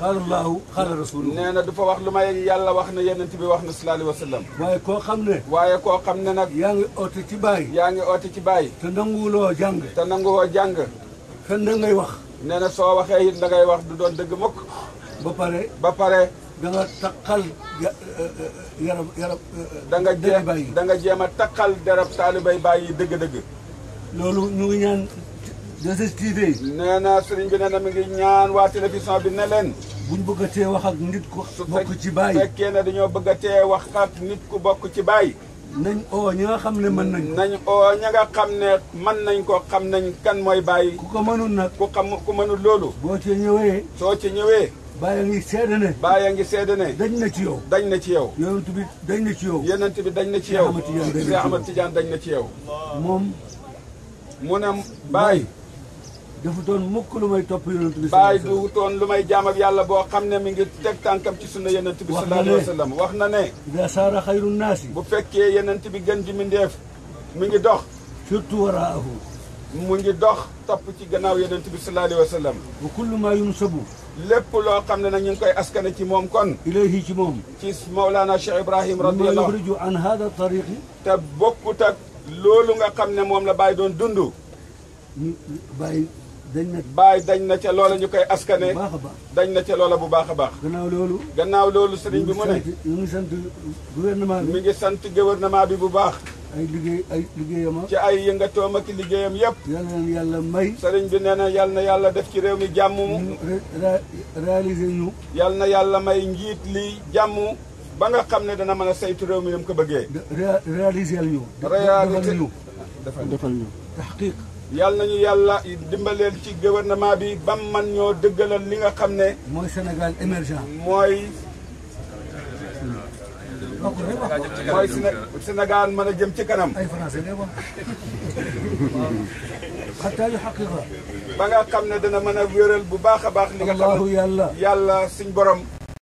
xaala laahu xaala rasulu nee na du fa wax lu may yàlla wax na yenent bi wax na sallallahu alayhi wa sallam waaye koo xam ne waaye koo xam ne nag yaa ngi oote ci bàyyi yaa ngi ot ci bàyyi te nanguwuloo jàng te nanguwoo jàng fen da ngay wax nee na soo waxee it da ngay wax du doon dëgg mukk ba pare ba pare da nga takkal eh, eh, yaram yaram eh, da nga jéem a takkal derab taalibay bàyyi dëgg-dëgg loolu ñu ngi ñaan na sëriñ bi nee na mi ngi ñaan waa télévision bi ne leen buñ bëgg a tee wax ak nit ku bokk ci baay. su fekkee ne dañoo bëgg a tee wax ak nit ku bokk ci baay. nañ oo ñi nga xam ne mën nañ nañ oo ña nga xam ne mën nañ ko xam nañ kan mooy bàyyi ku ko mënul nag ku xam ku mënul loolu boo ci ñëwee soo ci ñëwee bàyyi a ngi seede ne bàyyi a ngi seede ne dañ na ci yow dañ na ci yow yonent bi dañ na ci yow yonent bi dañ na ci yow Cheikh Ahmad dañ na ci yow moom mu ne bàyyi dafa doon mukk lu may topp yonent bi bàyyi du toon lu may jaam yàlla boo xam ne mi ngi teg tànkam ci sunna yonent bi sallallahu alayhi wa sallam wax na ne ida saara xayru naasi bu fekkee yonent bi gën ji mindeef mi ngi dox surtout waraahu mu ngi dox topp ci gannaaw yonent bi sallallahu alayhi wa sallam wa kullu ma yunsabu lépp loo xam ne nag ñu ngi koy askane ci moom kon ilayhi ci moom ci Mawlana Cheikh Ibrahim radiyallahu anhu yuriju an hada tariqi te bokkut ak loolu nga xam ne moom la bàyyi doon dund bàyyi dañ na dañ na ca loola ñu koy a askane dañ na ca loola bu baax a baax gannaaw loolu gannaaw loolu sëriñ bi mu ne mu ngi sant gouvernement bi mi ngi sant gouvernement bi bu baax ay liggéey ay liggéeyam ca ay yëngatoom ak liggéeyam yëpp yàlla na may sëriñ bi nee na yàlla na yàlla def ci réew mi jàmm mu réaliser ñu yàlla na yàlla may njiit li jàmm ba nga xam ne dana mën a saytu réew mi ni ko bëggee réaliser ñu réaliser ñu defal ñu taxqiq yàlla nañu yàlla dimbaleel ci gouvernement bi ba man ñoo dëggalal li nga xam ne. mooy Sénégal émergent. mooy. mooy senegal mën a jëm ci kanam. ay français lay wax. xataa ba nga xam ne dana mën a wéral bu baax a baax. li nga xam yàlla yàlla suñ borom.